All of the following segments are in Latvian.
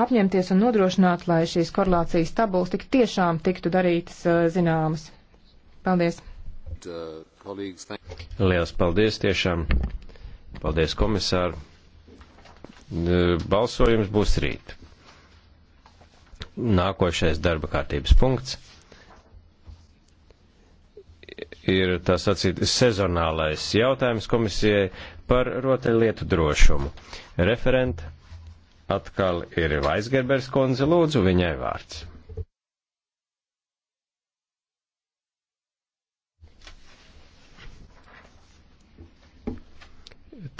apņemties un nodrošināt, lai šīs korelācijas tabulas tik tiešām tiktu darītas zināmas. Paldies! Lielas paldies tiešām! Paldies, komisāri! Balsojums būs rīt. Nākošais darba kārtības punkts ir tā sacīt sezonālais jautājums komisijai par rotaļlietu drošumu. Referenta atkal ir Vaisgerbers kundze, lūdzu, viņai vārds.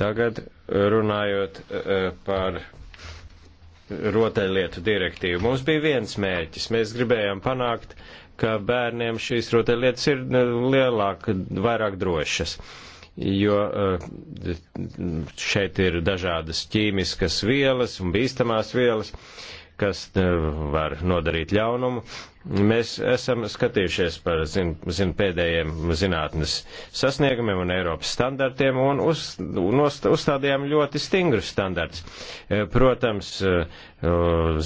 Tagad runājot e, par rotaļlietu direktīvu. Mums bija viens mērķis. Mēs gribējām panākt, ka bērniem šīs rotaļlietas ir e, lielāk, vairāk drošas. Uh, jo eh, šeit ir dažādas ķīmiskas vielas un bīstamās vielas, kas eh, var nodarīt ļaunumu. Mēs esam skatījušies par zin, zin, pēdējiem zinātnes sasniegumiem un Eiropas standartiem un uz, nost, uzstādījām ļoti stingrus standarts. Eh, protams, eh,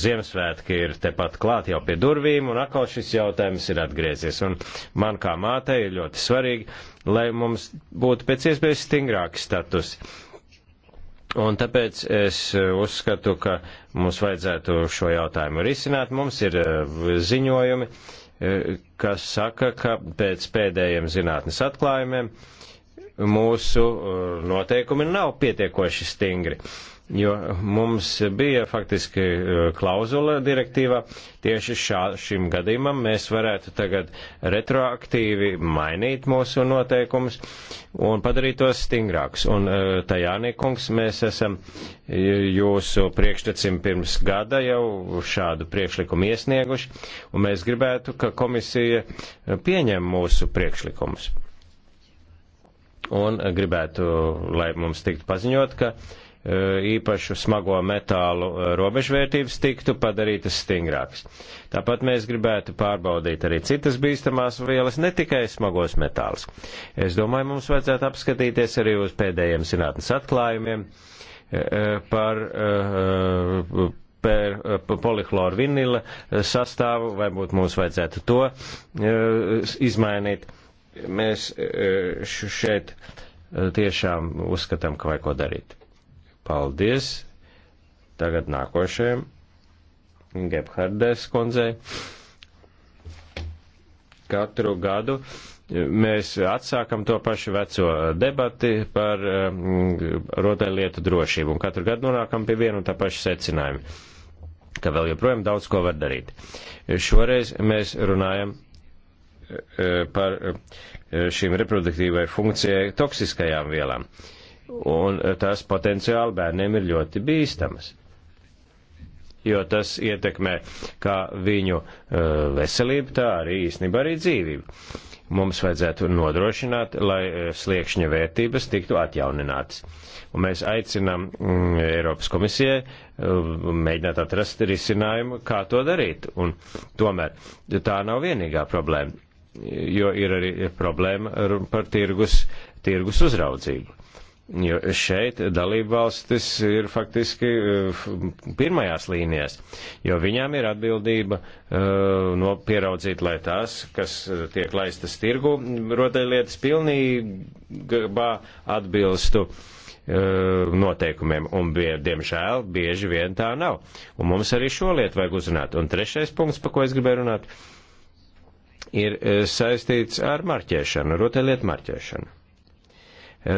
Ziemassvētki ir tepat klāt jau pie durvīm un atkal šis jautājums ir atgriezies. Un man kā mātei ir ļoti svarīgi, lai mums būtu pēc iespējas stingrāki statusi Un tāpēc es uzskatu, ka mums vajadzētu šo jautājumu risināt. Mums ir eh, ziņojumi, eh, kas saka, ka pēc pēdējiem zinātnes atklājumiem mūsu eh, noteikumi nav pietiekoši stingri jo mums bija faktiski eh, klauzula direktīva. Tieši šā, šim gadījumam mēs varētu tagad retroaktīvi mainīt mūsu noteikumus un padarīt tos stingrākus. Un eh, Tajānī kungs, mēs esam eh, jūsu priekštecim pirms gada jau šādu priekšlikumu iesnieguši, un mēs gribētu, ka komisija pieņem mūsu priekšlikumus. Un gribētu, lai mums tiktu paziņot, ka uh, Eh, īpašu smago metālu eh, robežvērtības tiktu padarītas stingrākas. Tāpat mēs gribētu pārbaudīt arī citas bīstamās vielas, ne tikai smagos metālus. Es domāju, mums vajadzētu apskatīties arī uz pēdējiem zinātnes atklājumiem eh, par per polihloru vinila sastāvu, vai būtu mums vajadzētu to izmainīt. Mēs šeit tiešām uzskatām, ka vajag ko darīt. Paldies! Tagad nākošajam Gebhardes kundzei. Katru gadu mēs atsākam to pašu veco debati par um, rotaļlietu drošību un katru gadu nonākam pie vienu un tā pašu secinājumu ka vēl joprojām daudz ko var darīt. Šoreiz mēs runājam uh, par uh, šīm reproduktīvai funkcijai toksiskajām vielām. Uh, un eh, tas potenciāli bērniem ir ļoti bīstamas. Jo tas ietekmē kā viņu eh, veselību, tā arī īstenībā arī dzīvību. Mums vajadzētu nodrošināt, lai eh, sliekšņa vērtības tiktu atjauninātas. Un mēs aicinām mm, Eiropas komisijai mēģināt atrast risinājumu, kā to darīt. Un tomēr tā nav vienīgā problēma, jo ir arī problēma par tirgus, tirgus uzraudzību Jo šeit dalībvalstis ir faktiski eh, pirmajās līnijās, jo viņām ir atbildība eh, no pieraudzīt, lai tās, kas eh, tiek laistas tirgu, rotaļlietas pilnībā atbilstu noteikumiem, un, diemžēl, bieži vien tā nav. Un mums arī šo lietu vajag uzrunāt. Un trešais punkts, pa ko es gribēju runāt, ir saistīts ar marķēšanu, rotaļlietu marķēšanu.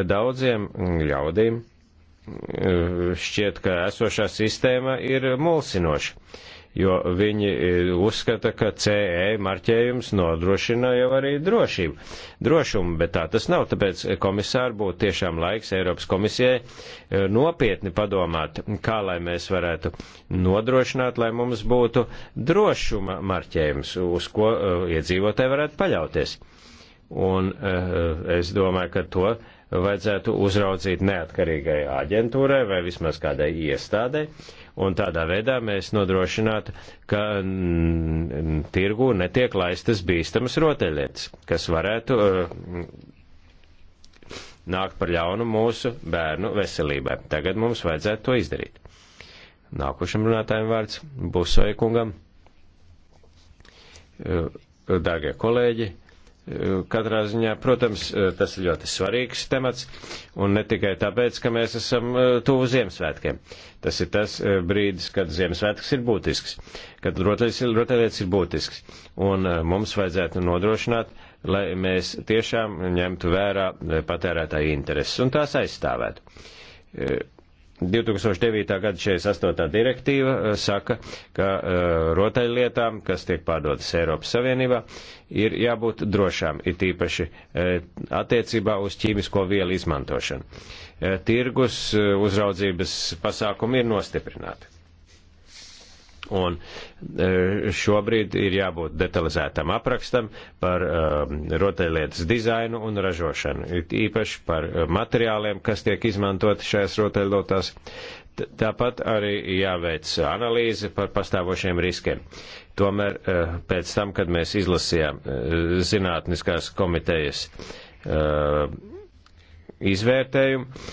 Daudziem ļaudīm eh, šķiet, ka esošā sistēma ir mulsinoša, jo viņi eh, uzskata, ka CE marķējums nodrošina jau arī drošību, drošumu, bet tā tas nav, tāpēc eh, komisāri būtu tiešām laiks Eiropas komisijai nopietni padomāt, kā lai mēs varētu nodrošināt, lai mums būtu drošuma marķējums, uz ko iedzīvotāji varētu paļauties. Un es domāju, ka to vajadzētu uzraudzīt neatkarīgai aģentūrai vai vismaz kādai iestādei, un tādā veidā mēs nodrošinātu, ka tirgū netiek laistas bīstamas rotaļlietas, kas varētu uh, nākt par ļaunu mūsu bērnu veselībai. Tagad mums vajadzētu to izdarīt. Nākošam runātājiem vārds Busoja kungam. Uh, Dārgie kolēģi, uh, Katrā ziņā, protams, eh, tas ir ļoti svarīgs temats, un ne tikai tāpēc, ka mēs esam eh, tuvu Ziemassvētkiem. Tas ir tas eh, brīdis, kad Ziemassvētks ir būtisks, kad rotaļlietas ir būtisks, un mums vajadzētu nodrošināt, lai mēs tiešām ņemtu vērā patērētāju intereses un tās aizstāvētu 2009. gada 48. direktīva eh, saka, ka eh, rotaļlietām, kas tiek pārdotas Eiropas Savienībā, ir jābūt drošām, it īpaši eh, attiecībā uz ķīmisko vielu izmantošanu. Tirgus uzraudzības pasākumi ir nostiprināti Un e, šobrīd ir jābūt detalizētam aprakstam par e, rotaļlietas dizainu un ražošanu, īpaši par e, materiāliem, kas tiek izmantoti šajās rotaļlietās. Tāpat arī jāveic analīze par pastāvošiem riskiem. Tomēr pēc tam, kad mēs izlasījām zinātniskās komitejas izvērtējumu,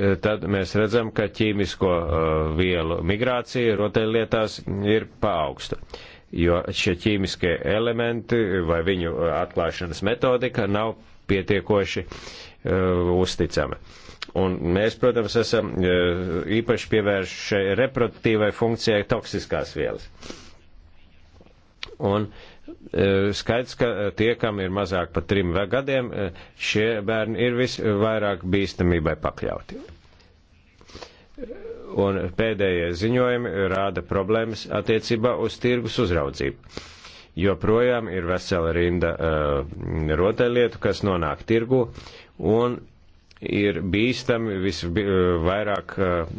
E, tad mēs redzam, ka ķīmisko e, vielu migrācija rotaļlietās ir paaugsta, jo šie ķīmiskie elementi vai viņu e, atklāšanas metodika nav pietiekoši uzticama. Un mēs, protams, esam īpaši pievērši reproduktīvai funkcijai toksiskās vielas. Un e, skaidrs, ka e, tie, kam ir mazāk par trim gadiem, e, šie bērni ir visvairāk bīstamībai pakļauti. Un pēdējie ziņojumi rāda problēmas attiecībā uz tirgus uzraudzību joprojām ir vesela rinda uh, rotaļlietu, kas nonāk tirgu un ir bīstami visvairāk uh,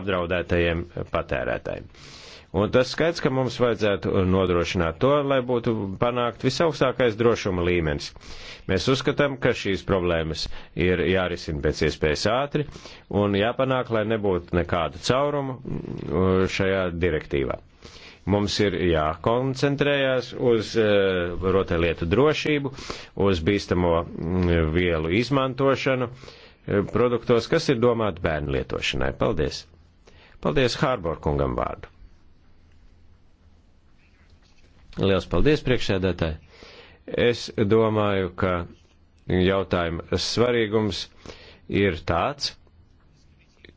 apdraudētajiem patērētājiem. Un tas skaidrs, ka mums vajadzētu nodrošināt to, lai būtu panākt visaugstākais drošuma līmenis. Mēs uzskatām, ka šīs problēmas ir jārisina pēc iespējas ātri un jāpanāk, lai nebūtu nekādu caurumu mm, šajā direktīvā. Mums ir jākoncentrējās uz uh, eh, rotaļlietu drošību, uz bīstamo mm, vielu izmantošanu eh, produktos, kas ir domāti bērnu lietošanai. Paldies! Paldies Hārbor kungam vārdu! Liels paldies priekšsēdētāji. Es domāju, ka jautājuma svarīgums ir tāds,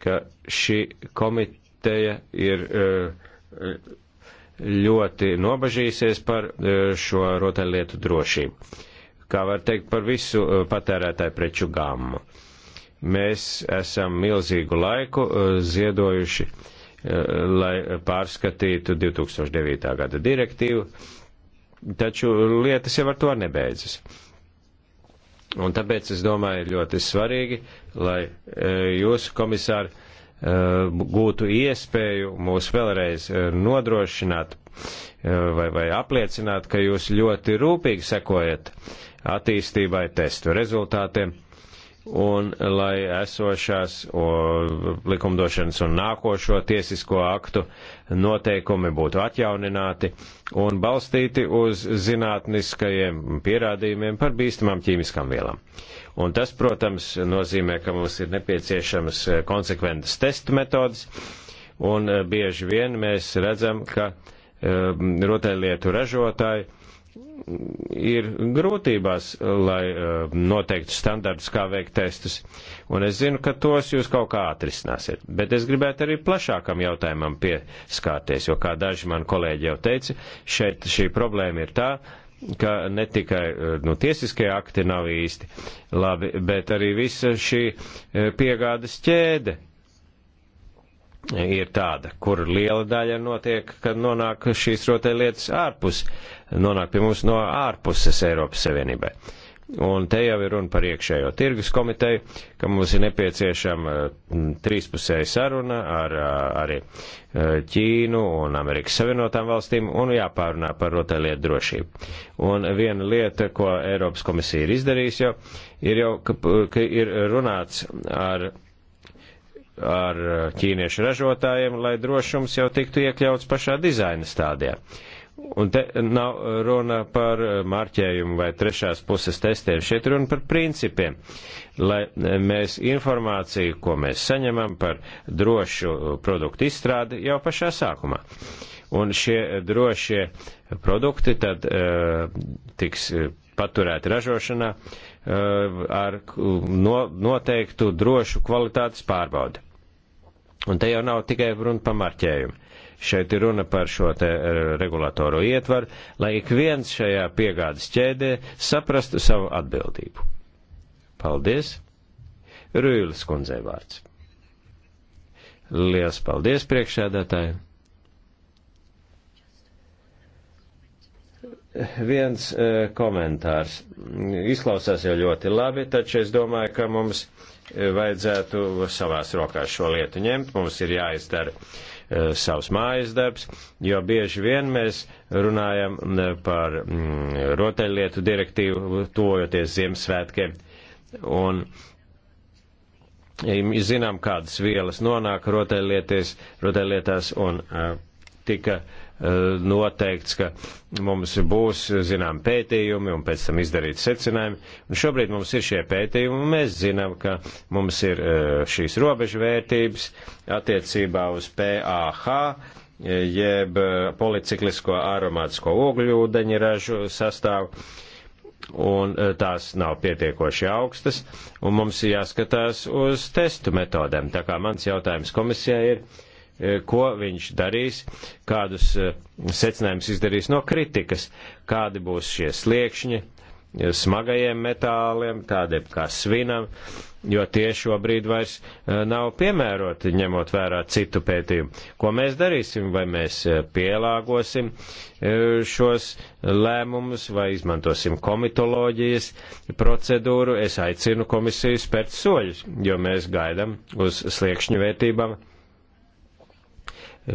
ka šī komiteja ir eh, ļoti nobažīsies par eh, šo rotaļlietu drošību. Kā var teikt par visu eh, patērētāju preču gammu. Mēs esam milzīgu laiku ziedojuši uh, Eh, lai pārskatītu 2009. gada direktīvu, taču lietas jau ar to nebeidzas. Un tāpēc es domāju, ir ļoti svarīgi, lai eh, jūs, komisāri, eh, gūtu iespēju mūs vēlreiz nodrošināt vai, vai apliecināt, ka jūs ļoti rūpīgi sekojat attīstībai, testu rezultātiem un lai esošās o, likumdošanas un nākošo tiesisko aktu noteikumi būtu atjaunināti un balstīti uz zinātniskajiem pierādījumiem par bīstamām ķīmiskām vielām. Un tas, protams, nozīmē, ka mums ir nepieciešamas e, konsekventas testu metodas, un e, bieži vien mēs redzam, ka um, e, rotaļlietu ražotāji ir grūtībās, lai eh, noteiktu standartus, kā veikt testus. Un es zinu, ka tos jūs kaut kā atrisināsiet. Bet es gribētu arī plašākam jautājumam pieskārties, jo, kā daži man kolēģi jau teica, šeit šī problēma ir tā, ka ne tikai eh, nu, tiesiskie akti nav īsti labi, bet arī visa šī eh, piegādes ķēde ir tāda, kur liela daļa notiek, kad nonāk šīs rotaļlietas ārpus, nonāk pie mums no ārpuses Eiropas Savienībai. Un te jau ir runa par iekšējo tirgus komiteju, ka mums ir nepieciešama trīspusēja saruna ar arī Ķīnu un Amerikas Savienotām valstīm un jāpārunā par rotaļlietu drošību. Un viena lieta, ko Eiropas komisija ir izdarījusi jau, ir jau, ka, ka ir runāts ar ar eh, ķīniešu ražotājiem, lai drošums jau tiktu iekļauts pašā dizaina stādijā. Un te nav runa par eh, marķējumu vai trešās puses testiem, šeit runa par principiem, lai eh, mēs informāciju, ko mēs saņemam par drošu produktu izstrādi jau pašā sākumā. Un šie drošie produkti tad uh, tiks paturēti ražošanā uh, ar no, noteiktu drošu kvalitātes pārbaudi. Un te jau nav tikai runa par marķējumu. Šeit ir runa par šo te eh, regulatoru ietvaru, lai ik viens šajā piegādes ķēdē saprastu savu atbildību. Paldies! Rūjas kundzei vārds. Lielas paldies priekšsēdētāji! Viens eh, komentārs. Izklausās jau ļoti labi, taču es domāju, ka mums vajadzētu savās rokās šo lietu ņemt, mums ir jāizdara e, savs mājas darbs, jo bieži vien mēs runājam mm, par mm, rotaļlietu direktīvu, tojoties Ziemassvētkiem, un zinām, kādas vielas nonāk rotaļlieties, rotaļlietās, un e, tika Eh, noteikts, ka mums būs, eh, zinām, pētījumi un pēc tam izdarīt secinājumi. Un šobrīd mums ir šie pētījumi, un mēs zinām, ka mums ir eh, šīs robežvērtības attiecībā uz PAH, jeb policiklisko aromātisko ogļūdeņu ražu sastāvu un tās nav pietiekoši augstas, un mums ir jāskatās uz testu metodēm. Tā kā mans jautājums komisijai ir, Eh, ko viņš darīs, kādus eh, secinājumus izdarīs no kritikas, kādi būs šie sliekšņi eh, smagajiem metāliem, tādiem kā svinam, jo tie šobrīd vairs nav piemēroti, ņemot vērā citu pētījumu. Ko mēs darīsim, vai mēs pielāgosim šos lēmumus, vai izmantosim komitoloģijas procedūru, es aicinu komisiju spērt soļus, jo mēs gaidam uz sliekšņu vērtībām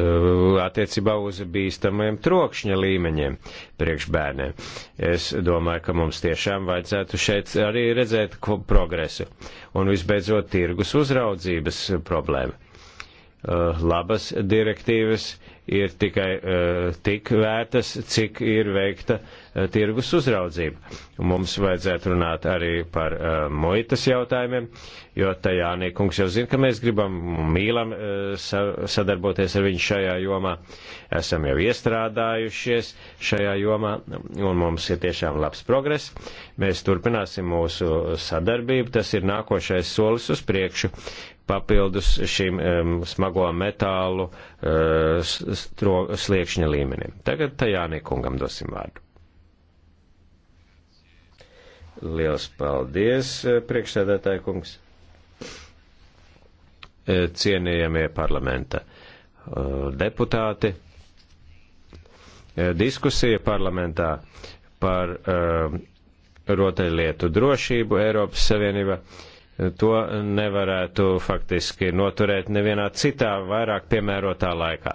Uh, attiecībā uz bīstamiem trokšņa līmeņiem priekšbērniem. Es domāju, ka mums tiešām vajadzētu šeit arī redzēt progresu. Un visbeidzot, tirgus uzraudzības problēma Eh, labas direktīvas ir tikai uh, tik vērtas, cik ir veikta uh, tirgus uzraudzība. Mums vajadzētu runāt arī par uh, muitas jautājumiem, jo tajā Nīkungs jau zina, ka mēs gribam un mīlam uh, sa sadarboties ar viņu šajā jomā. Esam jau iestrādājušies šajā jomā un mums ir tiešām labs progress. Mēs turpināsim mūsu sadarbību, tas ir nākošais solis uz priekšu papildus šim um, smago metālu uh, eh, stro, sliekšņa līmenim. Tagad Tajānī kungam dosim vārdu. Liels paldies, eh, priekšsēdētāji kungs. Eh, cienījamie parlamenta deputāti, diskusija parlamentā par rotaļlietu drošību Eiropas Savienībā uh, to nevarētu faktiski noturēt nevienā citā vairāk piemērotā laikā.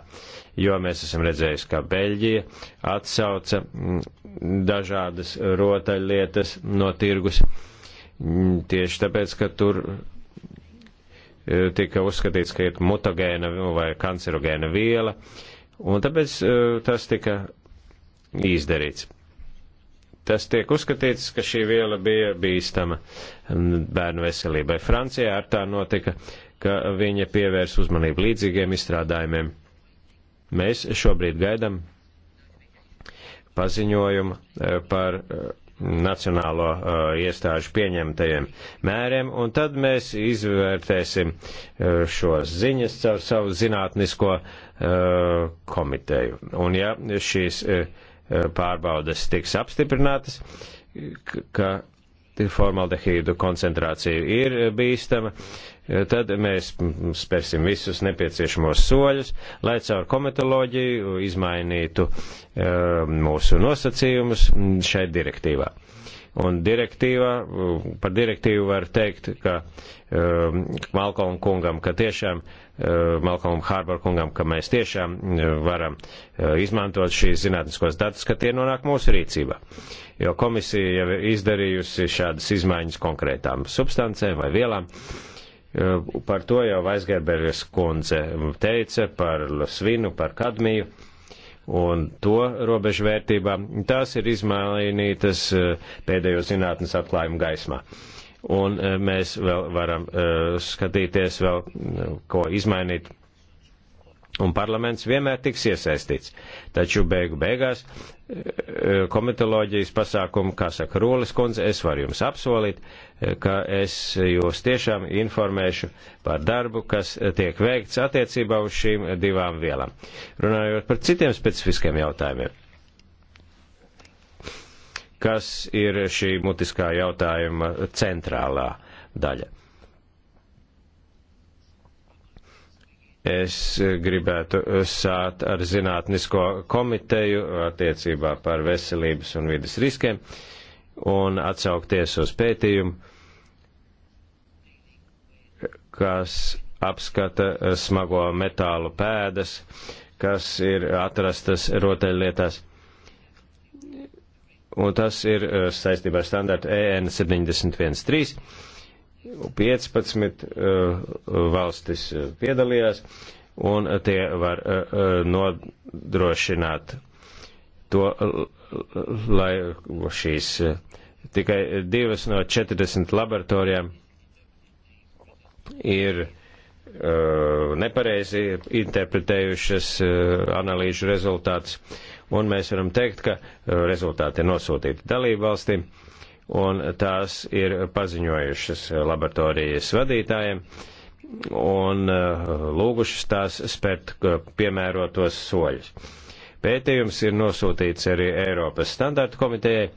Jo mēs esam redzējuši, ka Beļģija atsauca mm, dažādas rotaļlietas no tirgus mm, tieši tāpēc, ka tur e, tika uzskatīts, ka ir mutagēna vai kancerogēna viela, un tāpēc e, tas tika izdarīts tas tiek uzskatīts, ka šī viela bija bīstama bērnu veselībai. Francijā ar tā notika, ka viņa pievērs uzmanību līdzīgiem izstrādājumiem. Mēs šobrīd gaidam paziņojumu e, par e, nacionālo uh, iestāžu pieņemtajiem mēriem, un tad mēs izvērtēsim uh, šos ziņas caur savu zinātnisko uh, komiteju. Un ja šīs uh, Eh, pārbaudes tiks apstiprinātas, ka formaldehīdu koncentrācija ir bīstama, eh, tad mēs spērsim visus nepieciešamos soļus, lai caur komitoloģiju izmainītu eh, mūsu nosacījumus šai direktīvā. Un direktīvā, par direktīvu var teikt, ka um, Malkolm kungam, ka tiešām uh, Eh, Malcolmam Hārbarkungam, ka mēs tiešām eh, varam eh, izmantot šīs zinātniskos datus, ka tie nonāk mūsu rīcībā. Jo komisija jau ir izdarījusi šādas izmaiņas konkrētām substancēm vai vielām. Par to jau Vaisgerberis kundze teica, par svinu, par kadmiju un to robežu vērtībām. Tās ir izmainītas pēdējo zinātnes atklājumu gaismā. Uh, un eh, mēs vēl varam eh, skatīties vēl, eh, ko izmainīt. Un parlaments vienmēr tiks iesaistīts. Taču beigu beigās komitoloģijas pasākumu, kā saka Rolis kundze, es varu jums apsolīt, ka es jūs tiešām informēšu par darbu, kas tiek veikts attiecībā uz šīm divām vielām. Runājot par citiem specifiskiem jautājumiem kas ir šī mutiskā jautājuma centrālā daļa. Es gribētu sākt ar zinātnisko komiteju attiecībā par veselības un vidas riskiem un atsaukties uz pētījumu, kas apskata smago metālu pēdas, kas ir atrastas rotaļlietās un tas ir eh, saistībā ar standartu EN 71.3. 15 valstis eh, piedalījās, un eh, tie var nodrošināt to, lai šīs tikai divas no 40 laboratorijām ir nepareizi interpretējušas analīžu rezultātus un mēs varam teikt, ka e, rezultāti ir nosūtīti dalību valstīm, un tās ir paziņojušas laboratorijas vadītājiem un e, lūgušas tās spērt e, piemērotos soļus. Pētījums ir nosūtīts arī Eiropas standarta komitejai,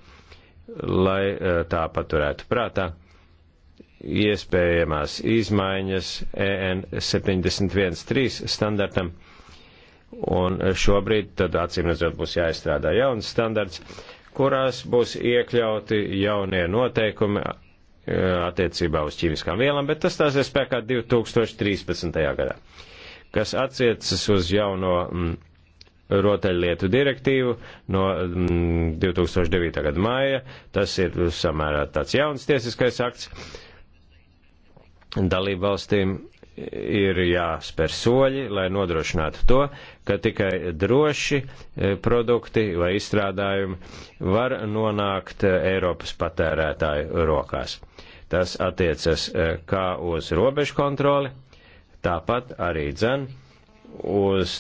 lai tā paturētu prātā iespējamās izmaiņas EN 71.3 standartam Un šobrīd tad acīmredzot būs jāizstrādā jauns standarts, kurās būs iekļauti jaunie noteikumi e, attiecībā uz ķīmiskām vielām, bet tas tās ir spēkā 2013. gadā, kas attiecas uz jauno mm, rotaļlietu direktīvu no mm, 2009. gada māja. Tas ir samērā tāds jauns tiesiskais akts dalību valstīm ir jāspēr soļi, lai nodrošinātu to, ka tikai droši e, produkti vai izstrādājumi var nonākt e, Eiropas patērētāju rokās. Tas attiecas e, kā uz robežu kontroli, tāpat arī dzen uz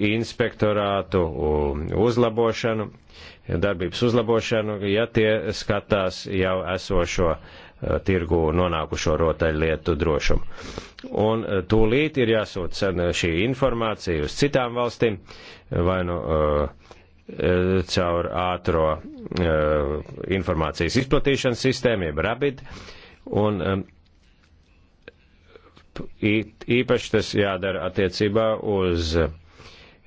inspektorātu uzlabošanu, darbības uzlabošanu, ja tie skatās jau esošo uh, Eh, tirgu nonākušo rotaļlietu drošumu. Un eh, tūlīt ir jāsūta eh, šī informācija uz citām valstīm, vai nu uh, caur ātro uh, informācijas izplatīšanas sistēmu, jeb rabid, un um, īpaši tas jādara attiecībā uz uh,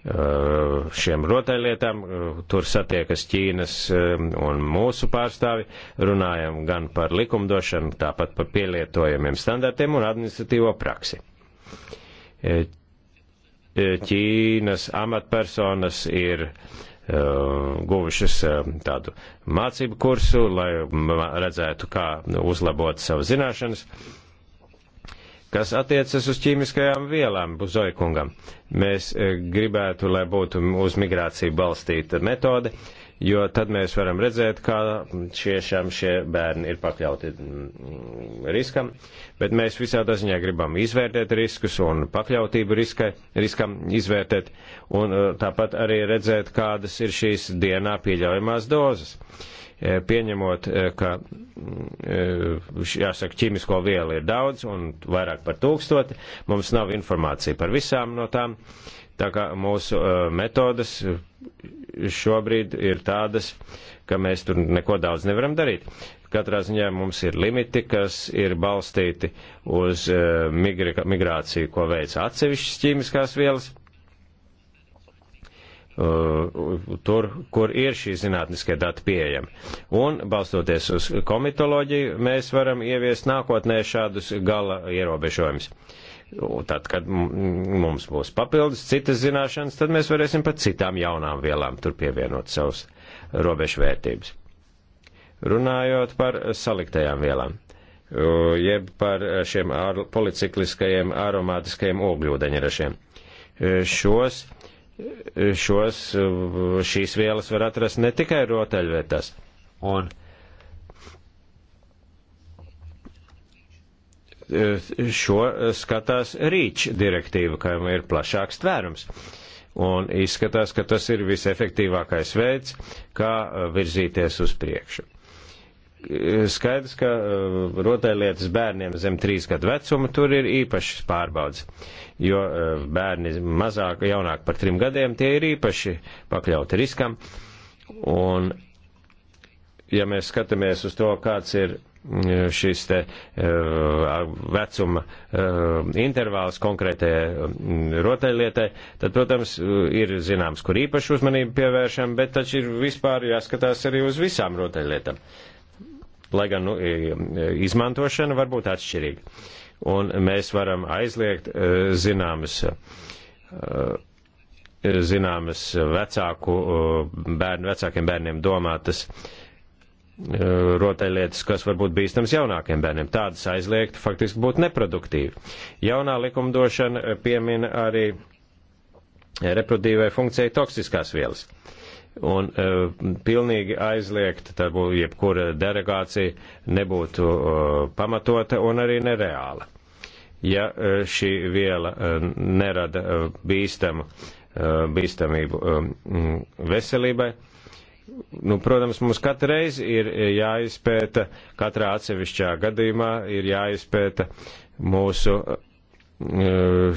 Eh, šiem rotaļlietām. Eh, tur satiekas Ķīnas eh, un mūsu pārstāvi. Runājam gan par likumdošanu, tāpat par pielietojamiem standartiem un administratīvo praksi. Ķīnas amatpersonas ir guvušas tādu mācību kursu, lai redzētu, kā uzlabot savu zināšanas. Uh, Kas attiecas uz ķīmiskajām vielām, Buzoikungam, mēs eh, gribētu, lai būtu uz migrāciju balstīta metode, jo tad mēs varam redzēt, kā šiešām šie bērni ir pakļauti mm, riskam, bet mēs visādā ziņā gribam izvērtēt riskus un pakļautību riskai, riskam izvērtēt, un eh, tāpat arī redzēt, kādas ir šīs dienā pieļaujamās dozes. Uh, E, pieņemot, e, ka mm, e, jāsaka, ķīmisko vielu ir daudz un vairāk par tūkstoti, mums nav informācija par visām no tām, tā kā mūsu metodas šobrīd ir tādas, ka mēs tur neko daudz nevaram darīt. Katrā ziņā mums ir limiti, kas ir balstīti uz migrāciju, ko veica atsevišķas ķīmiskās vielas Uh, tur, kur ir šī zinātniskie dati pieejami. Un, balstoties uz komitoloģiju, mēs varam ieviest nākotnē šādus gala ierobežojumus. Tad, kad mums būs papildus citas zināšanas, tad mēs varēsim pat citām jaunām vielām tur pievienot savus robežvērtības. Runājot par saliktajām vielām, uh, jeb par šiem policikliskajiem aromātiskajiem ogļūdeņrašiem. Uh, šos uh, šos, šīs vielas var atrast ne tikai rotaļvietās. Un eh, šo skatās rīč direktīva, kam ir plašāks tvērums. Un izskatās, ka tas ir visefektīvākais veids, kā eh, virzīties uz priekšu skaidrs, ka eh, rotaļlietas bērniem zem trīs gadu vecuma tur ir īpašas pārbaudas, jo eh, bērni mazāk, jaunāk par trim gadiem, tie ir īpaši pakļauti riskam. Un, ja mēs skatāmies uz to, kāds ir eh, šis te vecuma intervāls konkrētajai mm, rotaļlietai, tad, protams, ir zināms, kur īpaši uzmanību pievēršam, bet taču ir vispār jāskatās arī uz visām rotaļlietām lai gan nu, izmantošana var būt atšķirīga. Un mēs varam aizliegt e, zināmas e, zināmas vecāku e, bērnu, vecākiem bērniem domātas rotaļlietas, kas var būt bīstams jaunākiem bērniem. Tādas aizliegt faktiski būtu neproduktīvi. Jaunā likumdošana piemina arī reproduktīvai funkcijai toksiskās vielas. Uh, un uh, pilnīgi aizliegt, tad būtu jebkura derogācija nebūtu uh, pamatota un arī nereāla. Ja uh, šī viela uh, nerada uh, bīstamu, uh, bīstamību uh, veselībai, Nu, protams, mums katru reizi ir jāizpēta, katrā atsevišķā gadījumā ir jāizpēta mūsu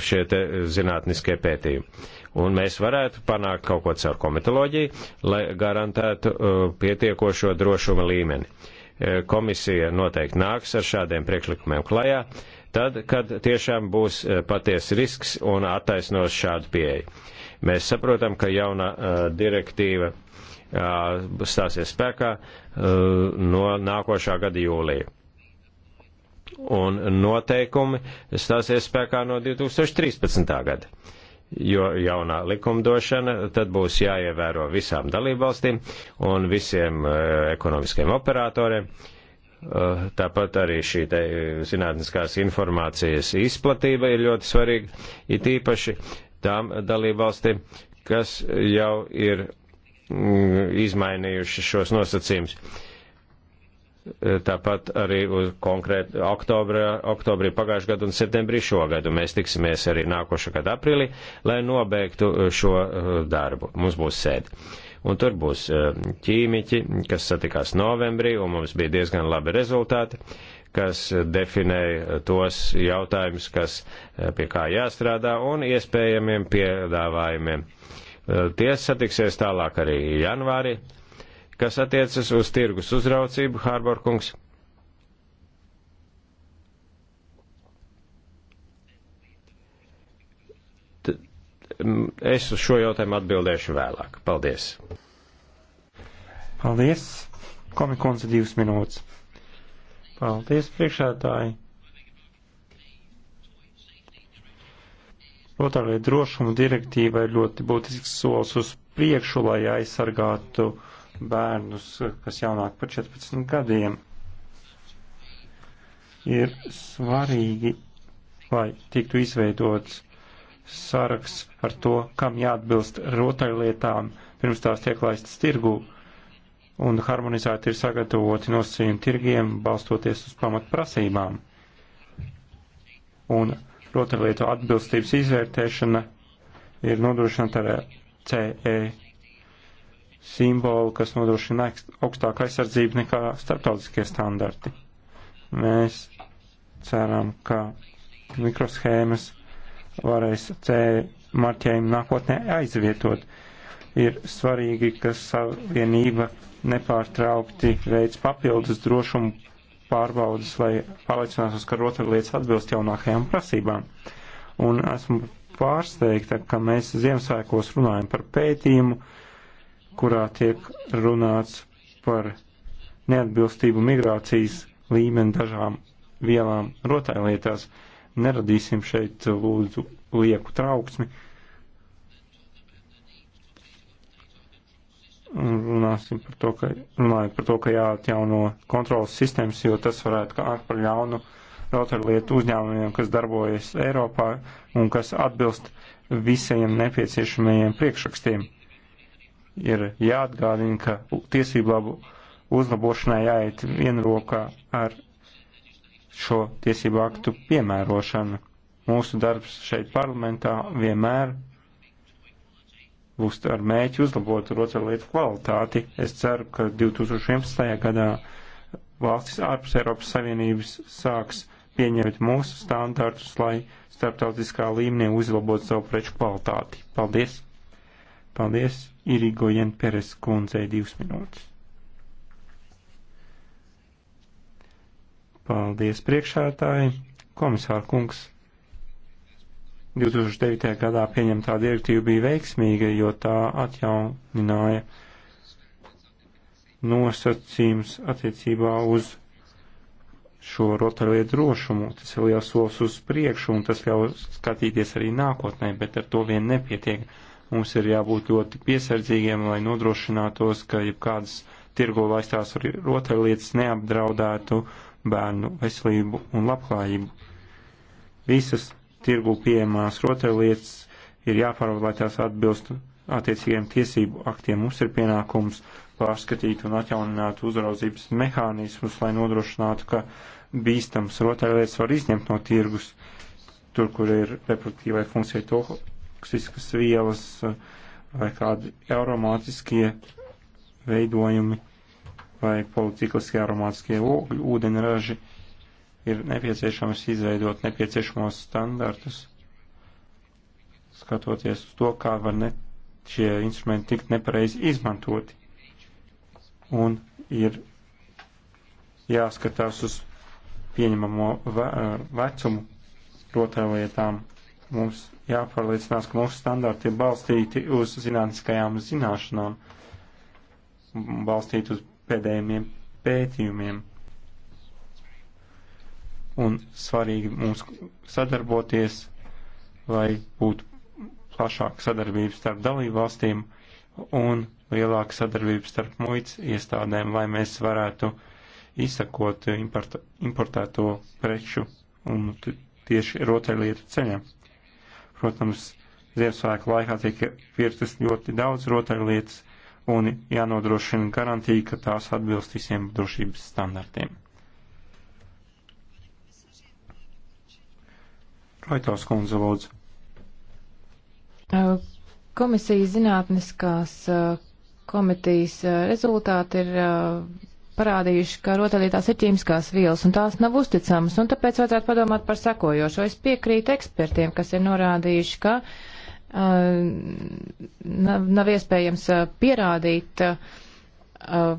šie te zinātniskie pētījumi un mēs varētu panākt kaut ko caur komitoloģiju, lai garantētu uh, pietiekošo drošuma līmeni. Uh, komisija noteikti nāks ar šādiem priekšlikumiem klajā, tad, kad tiešām būs uh, paties risks un attaisnos šādu pieeju. Mēs saprotam, ka jauna direktīva stāsies spēkā no nākošā gada jūlija un noteikumi stāsies spēkā no 2013. gada jo jaunā likumdošana tad būs jāievēro visām dalībvalstīm un visiem eh, ekonomiskiem operatoriem. Eh, tāpat arī šī te eh, zinātniskās informācijas izplatība ir ļoti svarīga, it īpaši tām dalībvalstīm, kas jau ir mm, izmainījuši šos nosacījumus tāpat arī uz konkrēti oktobra, oktobrī pagājušajā gadu un septembrī šogad, un mēs tiksimies arī nākošā gada aprīlī, lai nobeigtu šo uh, darbu. Mums būs sēde. Un tur būs uh, ķīmiķi, kas satikās novembrī, un mums bija diezgan labi rezultāti, kas definēja tos jautājumus, kas uh, pie kā jāstrādā, un iespējamiem piedāvājumiem. Tiesa satiksies tālāk arī janvārī, kas attiecas uz tirgus uzraucību, Hārborkungs. Es uz šo jautājumu atbildēšu vēlāk. Paldies. Paldies. Komikons divas minūtes. Paldies, priekšētāji. Rotālajai drošuma direktīva ir ļoti būtisks solis uz priekšu, lai aizsargātu uh, bērnus, kas jaunāk par 14 gadiem. Ir svarīgi, lai tiktu izveidots saraksts ar to, kam jāatbilst rotaļlietām, pirms tās tiek laistas tirgū, un harmonizēti ir sagatavoti nosacījumi tirgiem, balstoties uz pamatprasībām. Un rotaļlietu atbilstības izvērtēšana ir nodrošināta ar CE simbolu, kas nodrošina augstāku aizsardzību nekā starptautiskie standarti. Mēs ceram, ka mikroshēmas varēs C marķējumu nākotnē aizvietot. Ir svarīgi, ka savienība nepārtraukti veids papildus drošumu pārbaudas, lai pārliecinātos, ka rotaļlietas atbilst jaunākajām prasībām. Un esmu pārsteigta, ka mēs Ziemassvētkos runājam par pētījumu, uh, kurā tiek runāts par neatbilstību migrācijas līmeni dažām vielām rotaļlietās. Neradīsim šeit lūdzu lieku trauksmi. Runāsim par to, ka, runājot par to, ka jāatjauno kontrolas sistēmas, jo tas varētu kā par ļaunu rotaļlietu uzņēmumiem, kas darbojas Eiropā un kas atbilst visiem nepieciešamajiem priekšrakstiem ir jāatgādina, ka tiesību labu uzlabošanai jāiet vienrokā ar šo tiesību aktu piemērošanu. Mūsu darbs šeit parlamentā vienmēr būs ar mēķi uzlabot rotaļlietu kvalitāti. Es ceru, ka 2011. gadā valstis ārpus Eiropas Savienības sāks pieņemt mūsu standartus, lai starptautiskā līmenī uzlabotu savu preču kvalitāti. Paldies! Paldies, Irīgo Jenperes kundzei divas minūtes. Paldies priekšētāji, komisāra kungs. 2009. gadā pieņemtā direktīva bija veiksmīga, jo tā atjaunināja nosacījums attiecībā uz šo rotaļlietu drošumu. Tas ir liels solis uz priekšu un tas ļaus skatīties arī nākotnē, bet ar to vien nepietiek. Mums ir jābūt ļoti piesardzīgiem, lai nodrošinātos, ka jebkādas tirgo laistās rotaļlietas neapdraudētu bērnu veselību un labklājību. Visas tirgu pieejamās rotaļlietas ir jāpārvalda, lai tās atbilstu attiecīgiem tiesību aktiem. Mums ir pienākums pārskatīt un atjaunināt uzraudzības mehānismus, lai nodrošinātu, ka bīstams rotaļlietas var izņemt no tirgus, tur, kur ir reproduktīvai funkcijai to toksiskas vielas eh, vai kādi aromātiskie veidojumi vai policikliskie aromātiskie ogļu ūdenraži ir nepieciešams izveidot nepieciešamos standartus, skatoties uz to, kā var ne, šie instrumenti tikt nepareizi izmantoti. Un ir jāskatās uz pieņemamo eh, vecumu rotaļlietām. Mums jāpārliecinās, ka mūsu standarti ir balstīti uz zinātniskajām zināšanām, balstīti uz pēdējiem pētījumiem. Un svarīgi mums sadarboties, lai būtu plašāka sadarbība starp dalību valstīm un lielāka sadarbība starp muitas iestādēm, lai mēs varētu izsakot importēto preču un tieši rotaļlietu ceļiem. Protams, Ziemassvētku laikā tiek pirktas ļoti daudz rotaļlietas un jānodrošina garantija, ka tās atbilst visiem drošības standartiem. Raitos kundze lūdzu. Komisijas zinātniskās komitejas rezultāti ir parādījuši, ka rotaļlietās ir ķīmiskās vielas, un tās nav uzticamas, un tāpēc vajadzētu padomāt par sekojošo. Es piekrītu ekspertiem, kas ir norādījuši, ka uh, nav, nav iespējams uh, pierādīt uh, uh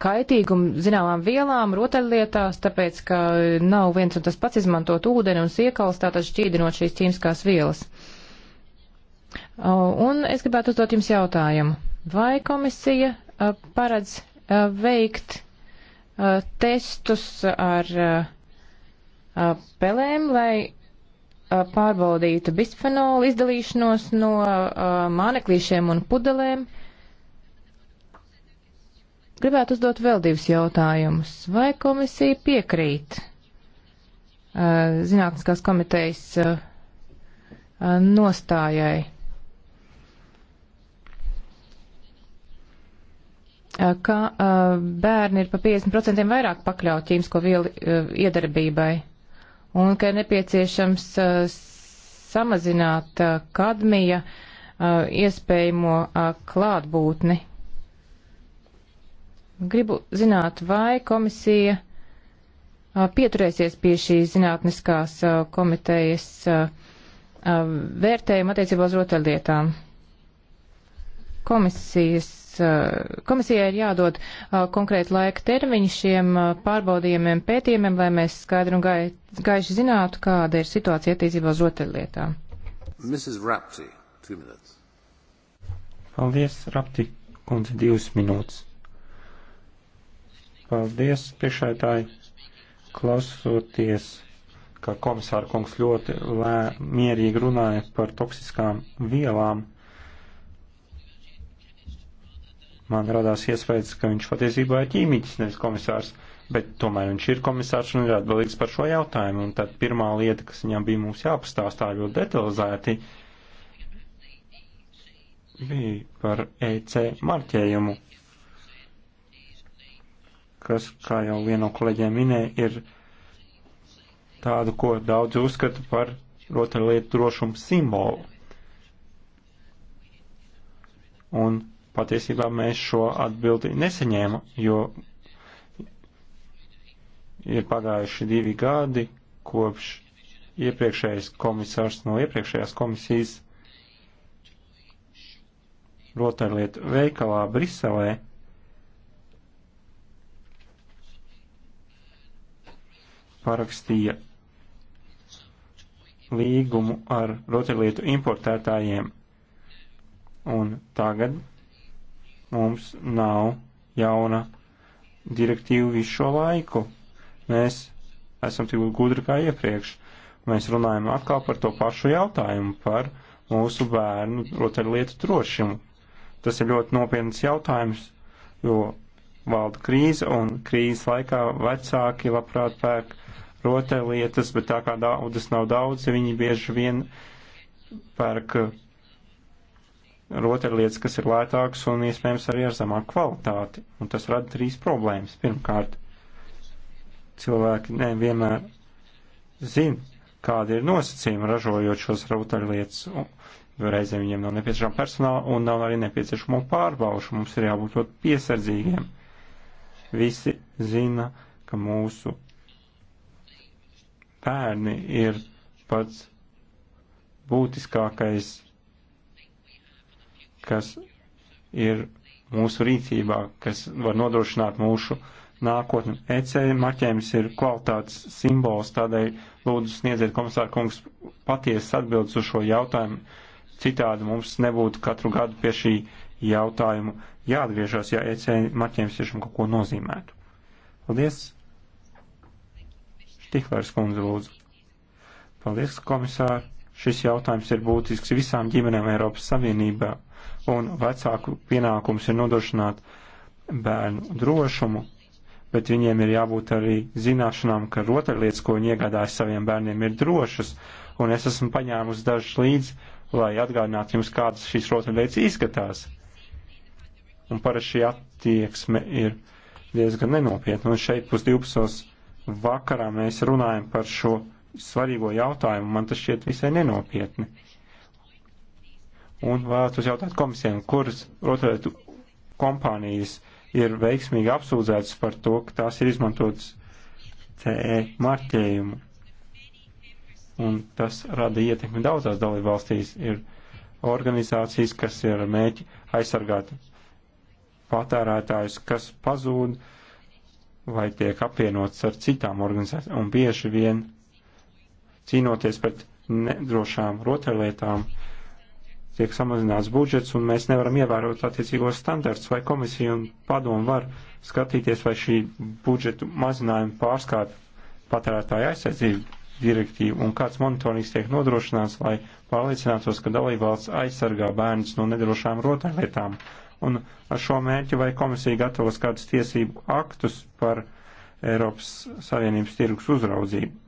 kaitīgumu zināmām vielām rotaļlietās, tāpēc, ka nav viens un tas pats izmantot ūdeni un siekals, tātad šķīdinot šīs ķīmiskās vielas. Uh, un es gribētu uzdot jums jautājumu. Vai komisija Uh, paredz uh, veikt uh, testus ar pelēm, lai pārbaudītu bisfenolu izdalīšanos no māneklīšiem un pudelēm. Gribētu uzdot vēl divus jautājumus. Vai komisija piekrīt uh, zinātniskās komitejas uh, nostājai Eh, ka eh, bērni ir pa 50% vairāk pakļaut ķīmisko vielu eh, iedarbībai un ka ir nepieciešams samazināt kadmija iespējamo klātbūtni. Gribu zināt, vai komisija pieturēsies pie šīs zinātniskās komitejas vērtējuma attiecībā uz rotaļlietām. Komisijas Eh, komisijai ir jādod eh, konkrēti laika termiņi šiem eh, pārbaudījumiem pētījumiem, lai mēs skaidri un gai, gaiši zinātu, kāda ir situācija attiecībā uz rotaļlietām. Rapti, Paldies, Rapti, kundze, divas minūtes. Paldies, priekšētāji, klausoties ka komisāra kungs ļoti lē, mierīgi runāja par toksiskām vielām. Man radās iespējas, ka viņš patiesībā ir ķīmītis, nevis komisārs, bet tomēr viņš ir komisārs un ir atbildīgs par šo jautājumu. Un tad pirmā lieta, kas viņam bija mums jāpastāstā ļoti detalizēti, bija par EC marķējumu, kas, kā jau vieno kolēģiem minēja, ir tādu, ko daudz uzskata par rotaļlietu drošumu simbolu. Un patiesībā mēs šo atbildi neseņēmu, jo ir pagājuši divi gadi kopš iepriekšējais komisārs no iepriekšējās komisijas rotaļlietu veikalā Briselē parakstīja līgumu ar rotaļlietu importētājiem. Un tagad Mums nav jauna direktīva visu šo laiku. Mēs esam tik gudri kā iepriekš. Mēs runājam atkal par to pašu jautājumu, par mūsu bērnu rotaļlietu drošumu. Tas ir ļoti nopietns jautājums, jo valda krīze, un krīzes laikā vecāki labprāt pērk rotaļlietas, bet tā kā daudzas nav daudz, viņi bieži vien pērk ir otra lietas, kas ir lētākas un iespējams arī ar zemāku kvalitāti. Un tas rada trīs problēmas. Pirmkārt, cilvēki nevienmēr zina, kāda ir nosacījuma ražojot šos rotaļlietas. Reizēm viņiem nav nepieciešama personāla un nav arī nepieciešamo pārbaušu. Mums ir jābūt ļoti piesardzīgiem. Visi zina, ka mūsu bērni ir pats būtiskākais kas ir mūsu rīcībā, kas var nodrošināt mūsu nākotni. EC marķējums ir kvalitātes simbols, tādēļ lūdzu sniedziet komisāru kungs patiesas atbildes uz šo jautājumu. Citādi mums nebūtu katru gadu pie šī jautājuma jāatgriežas, ja EC marķējums tiešām kaut ko nozīmētu. Paldies! Tiklērs kundze lūdzu. Paldies, komisār! Šis jautājums ir būtisks visām ģimenēm Eiropas Savienībā un vecāku pienākums ir nodrošināt bērnu drošumu, bet viņiem ir jābūt arī zināšanām, ka rotaļlietas, ko viņi iegādājas saviem bērniem, ir drošas, un es esmu paņēmusi dažas līdzi, lai atgādinātu jums, kādas šīs rotaļlietas izskatās. Un parasti šī attieksme ir diezgan nenopietna, un šeit pusdivpasos vakarā mēs runājam par šo svarīgo jautājumu, man tas šķiet visai nenopietni un vēlētu uzjautāt komisijām, kuras rotaļlietu kompānijas ir veiksmīgi apsūdzētas par to, ka tās ir izmantotas CE marķējumu. Un tas rada ietekmi daudzās dalībvalstīs. Ir organizācijas, kas ir mēķi aizsargāt patērētājus, kas pazūd vai tiek apvienots ar citām organizācijām. Un bieži vien cīnoties pret nedrošām rotaļlietām, tiek samazināts budžets un mēs nevaram ievērot attiecīgos standarts, vai komisija un padomu var skatīties, vai šī budžetu mazinājuma pārskāp patērētāja aizsardzību direktīvu un kāds monitorings tiek nodrošināts, lai pārliecinātos, ka dalībvalsts aizsargā bērnus no nedrošām rotaļlietām. Un ar šo mērķi vai komisija gatavos kādus tiesību aktus par Eiropas Savienības tirgus uzraudzību.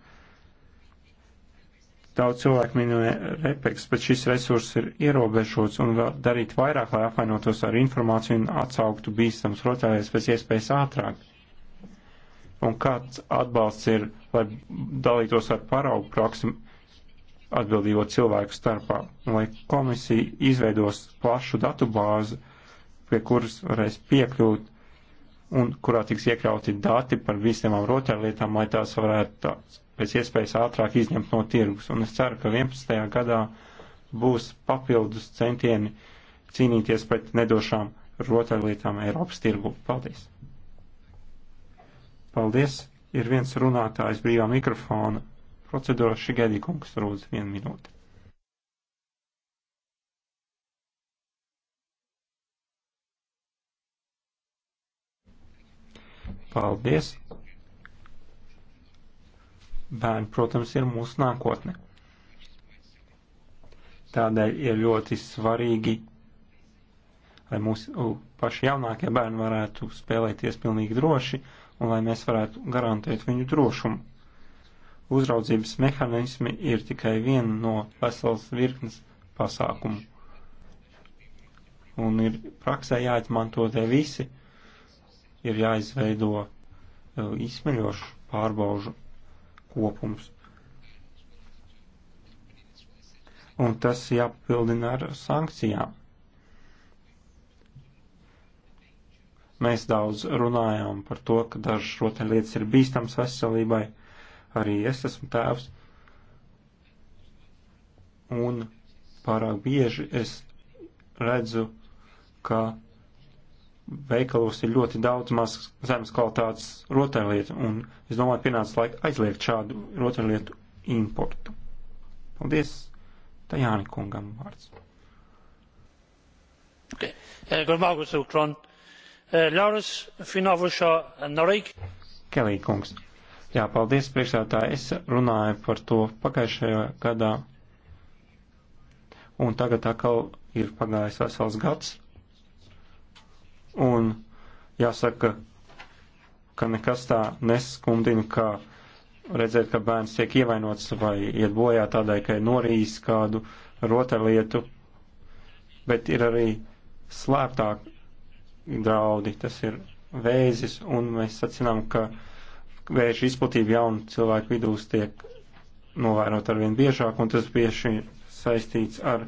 Daudz cilvēku minēja repeks, bet šis resurs ir ierobežots un vēl darīt vairāk, lai apvainotos ar informāciju un atsauktu bīstams rotājais pēc iespējas ātrāk. Un kāds atbalsts ir, lai dalītos ar paraugu praksi atbildīgo cilvēku starpā, un lai komisija izveidos plašu datu bāzi, pie kuras varēs piekļūt un kurā tiks iekļauti dati par visiem rotājlietām, lai tās varētu tāds pēc iespējas ātrāk izņemt no tirgus. Un es ceru, ka 11. gadā būs papildus centieni cīnīties pret nedošām rotaļlietām Eiropas tirgu. Paldies! Paldies! Ir viens runātājs brīvā mikrofona. Procedūra Šigēdī kungs lūdzu vienu minūti. Paldies! Bērni, protams, ir mūsu nākotne. Tādēļ ir ļoti svarīgi, lai mūsu paši jaunākie bērni varētu spēlēties pilnīgi droši un lai mēs varētu garantēt viņu drošumu. Uzraudzības mehānismi ir tikai viena no veselas virknes pasākumu. Un ir praksē jāizmanto tie visi, ir jāizveido izsmeļošu pārbaužu kopums. Un tas jāpildina ar sankcijām. Mēs daudz runājām par to, ka dažas rotaļlietas ir bīstams veselībai, arī es esmu tēvs. Un pārāk bieži es redzu, ka veikalos ir ļoti daudz maz zemes kvalitātes rotaļlietu, un es domāju, pienācis laika aizliegt šādu rotaļlietu importu. Paldies, Tajāni kungam vārds. Eh, eh, eh, Kelī kungs. Jā, paldies priekšsētāji. Es runāju par to pagājušajā gadā, un tagad atkal ir pagājis vesels gads, Un jāsaka, ka nekas tā neskumdina, kā redzēt, ka bērns tiek ievainots vai iet bojā tādai, ka ir norījis kādu rotaļlietu, bet ir arī slēptāk draudi, tas ir vēzis, un mēs sacinām, ka vēža izplatība jaunu cilvēku vidūs tiek novērot arvien biežāk, un tas bieži saistīts ar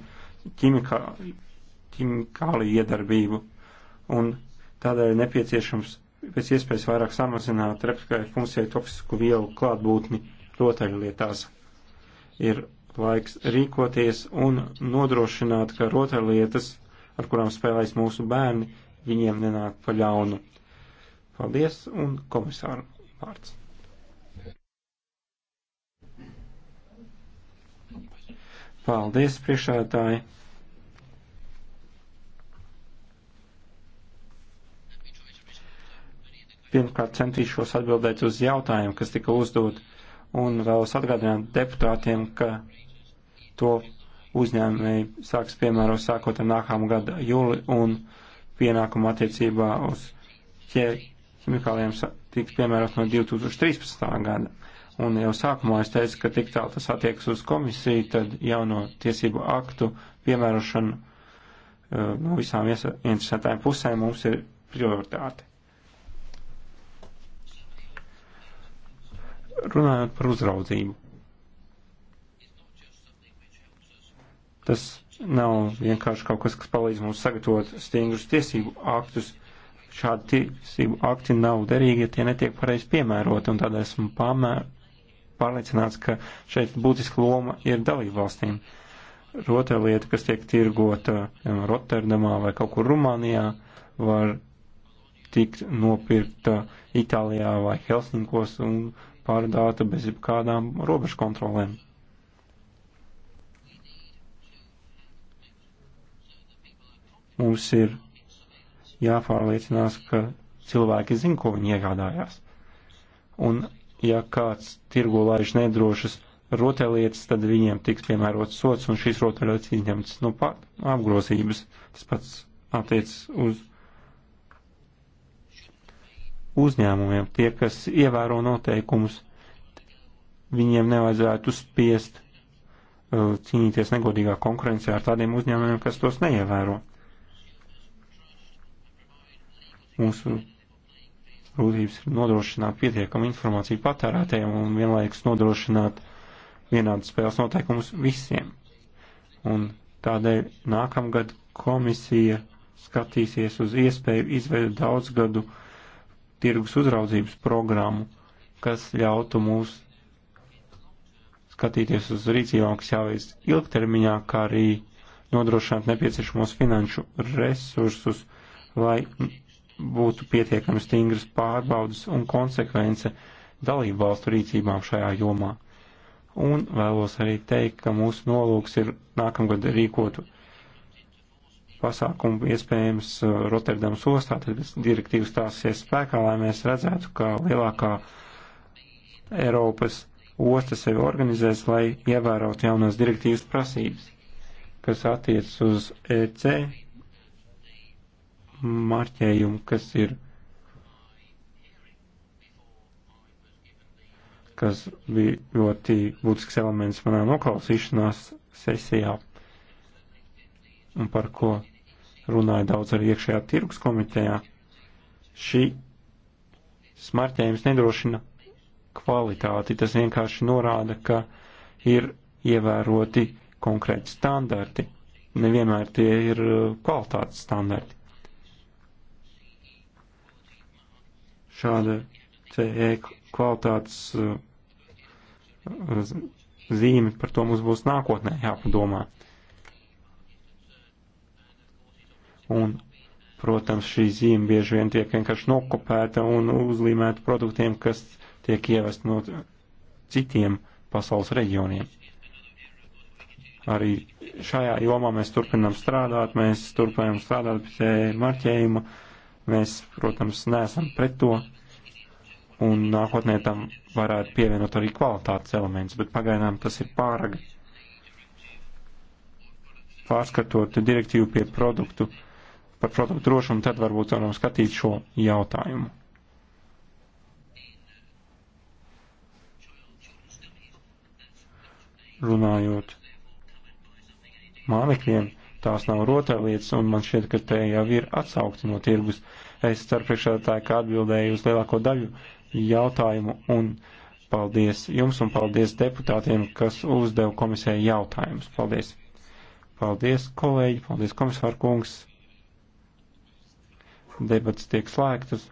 ķimikā, ķimikāli iedarbību un tādēļ ir nepieciešams pēc iespējas vairāk samazināt replikāju funkcijai toksisku vielu klātbūtni rotaļlietās. Ir laiks rīkoties un nodrošināt, ka rotaļlietas, ar kurām spēlēs mūsu bērni, viņiem nenāk pa ļaunu. Paldies un komisāru vārds. Paldies, priekšētāji! Pirmkārt, centīšos atbildēt uz jautājumu, kas tika uzdot, un vēlos atgādināt deputātiem, ka to uzņēmēji sāks piemēro sākot ar nākamā gada jūli un pienākumu attiecībā uz ķemikāliem tiks piemērot no 2013. gada. Un jau sākumā es teicu, ka tik tālu tas attieks uz komisiju, tad jauno tiesību aktu piemērošanu uh, no visām interesētām pusēm mums ir prioritāte. Runājot par uzraudzību. Tas nav vienkārši kaut kas, kas palīdz mums sagatavot stingrus tiesību aktus. Šādi tiesību akti nav derīgi, ja tie netiek pareizi piemēroti, un tādēļ esmu pamēr, pārliecināts, ka šeit būtiska loma ir dalībvalstīm. Rotaļlieta, kas tiek tirgota Rotterdamā vai kaut kur Rumānijā, var tikt nopirkta Itālijā vai Helsinkos un pārdāta bez jebkādām robežu kontrolēm. Mums ir jāpārliecinās, ka cilvēki zina, ko viņi iegādājās. Un ja kāds tirgo laiž nedrošas rotaļlietas, tad viņiem tiks piemērots sots un šīs rotaļlietas izņemtas no nu, apgrozības. Tas pats attiecas uz uzņēmumiem, tie, kas ievēro noteikumus, viņiem nevajadzētu spiest uh, cīnīties negodīgā konkurencē ar tādiem uzņēmumiem, kas tos neievēro. Mūsu grūtības ir nodrošināt pietiekamu informāciju patērētējiem un vienlaikus nodrošināt vienādas spēles noteikumus visiem. Un tādēļ nākamgad komisija skatīsies uz iespēju izveidot daudzgadu uh, tirgus uzraudzības programmu, kas ļautu mums skatīties uz rīcībām, kas jāveic ilgtermiņā, kā arī nodrošināt nepieciešamos finanšu resursus, lai būtu pietiekami stingras pārbaudas un konsekvence dalību valstu rīcībām šajā jomā. Un vēlos arī teikt, ka mūsu nolūks ir nākamgad rīkotu pasākumu iespējams uh, Rotterdams ostā, tad direktīvas stāsies spēkā, lai mēs redzētu, ka lielākā Eiropas osta sevi organizēs, lai ievērotu jaunās direktīvas prasības, kas attiec uz EC marķējumu, kas ir kas bija ļoti būtisks elements manā noklausīšanās sesijā un par ko runāju daudz arī iekšējā tirgus komitejā, šī smarķējums nedrošina kvalitāti, tas vienkārši norāda, ka ir ievēroti konkrēti standarti. Nevienmēr tie ir uh, kvalitātes standarti. Šāda CE kvalitātes uh, zīme par to mums būs nākotnē jāpadomā. Un, protams, šī zīme bieži vien tiek vienkārši nokopēta un uzlīmēta produktiem, kas tiek ievest no citiem pasaules reģioniem. Arī šajā jomā mēs turpinām strādāt, mēs turpinām strādāt pie marķējuma, mēs, protams, neesam pret to, un nākotnē tam varētu pievienot arī kvalitātes elements, bet pagaidām tas ir pāragri. Pārskatot direktīvu pie produktu par produktu drošumu, tad varbūt varam skatīt šo jautājumu. Runājot mānekļiem, tās nav rotaļlietas, un man šķiet, ka te jau ir atsaukti no tirgus. Es ceru priekšādātāju, ka atbildēju uz lielāko daļu jautājumu, un paldies jums un paldies deputātiem, kas uzdeva komisijai jautājumus. Paldies! Paldies, kolēģi! Paldies, komisār kungs! debats tiek slēgtas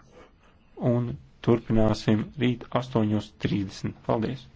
un turpināsim rīt 8.30. Paldies!